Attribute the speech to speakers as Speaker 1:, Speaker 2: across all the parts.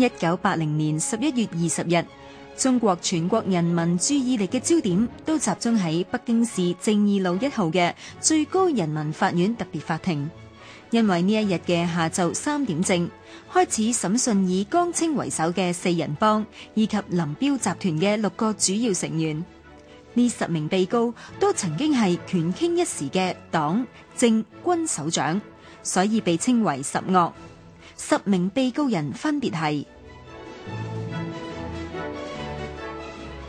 Speaker 1: 一九八零年十一月二十日，中國全國人民注意力嘅焦點都集中喺北京市正義路一號嘅最高人民法院特別法庭，因為呢一日嘅下晝三點正開始審訊以江青為首嘅四人幫以及林彪集團嘅六個主要成員。呢十名被告都曾經係權傾一時嘅黨政軍首長，所以被稱為十惡。十名被告人分別係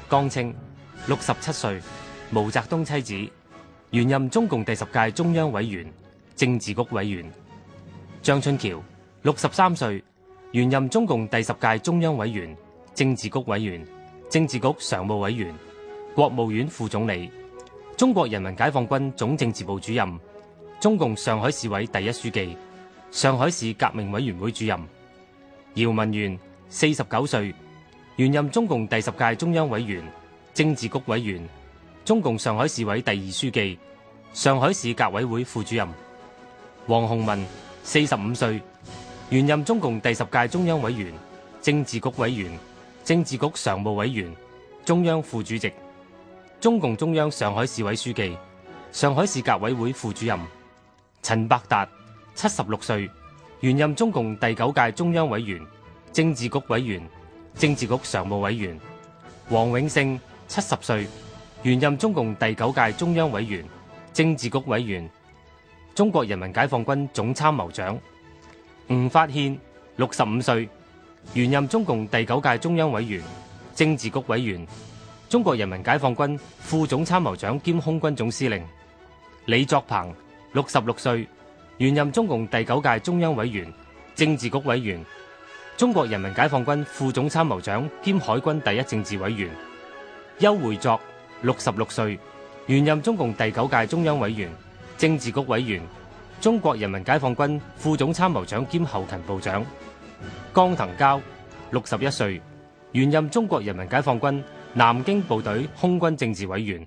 Speaker 2: 江青，六十七歲，毛澤東妻子，原任中共第十屆中央委員、政治局委員；張春橋，六十三歲，原任中共第十屆中央委員、政治局委員、政治局常務委員、國務院副總理、中國人民解放軍總政治部主任、中共上海市委第一書記。上海市革命委員會主任姚文元，四十九歲，原任中共第十屆中央委員、政治局委員、中共上海市委第二書記、上海市革委會副主任。王洪文，四十五歲，原任中共第十屆中央委員、政治局委員、政治局常務委員、中央副主席、中共中央上海市委書記、上海市革委會副主任。陳伯達。七十六歲，原任中共第九屆中央委員、政治局委員、政治局常務委員。黃永勝，七十歲，原任中共第九屆中央委員、政治局委員、中國人民解放軍總參謀長。吳法憲，六十五歲，原任中共第九屆中央委員、政治局委員、中國人民解放軍副總參謀長兼空軍總司令。李作鵬，六十六歲。原任中共第九屆中央委員、政治局委員、中國人民解放軍副總參謀長兼海軍第一政治委員邱會作，六十六歲；原任中共第九屆中央委員、政治局委員、中國人民解放軍副總參謀長兼後勤部長江騰蛟，六十一歲；原任中國人民解放軍南京部隊空軍政治委員。